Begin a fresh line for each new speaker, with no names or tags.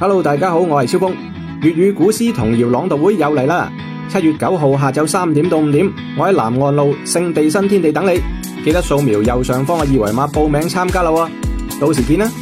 Hello，大家好，我係蕭峰，粵語古詩童謠朗讀會又嚟啦！七月九號下午三點到五點，我喺南岸路聖地新天地等你，記得掃描右上方嘅二維碼報名參加啦！喎，到時見啦。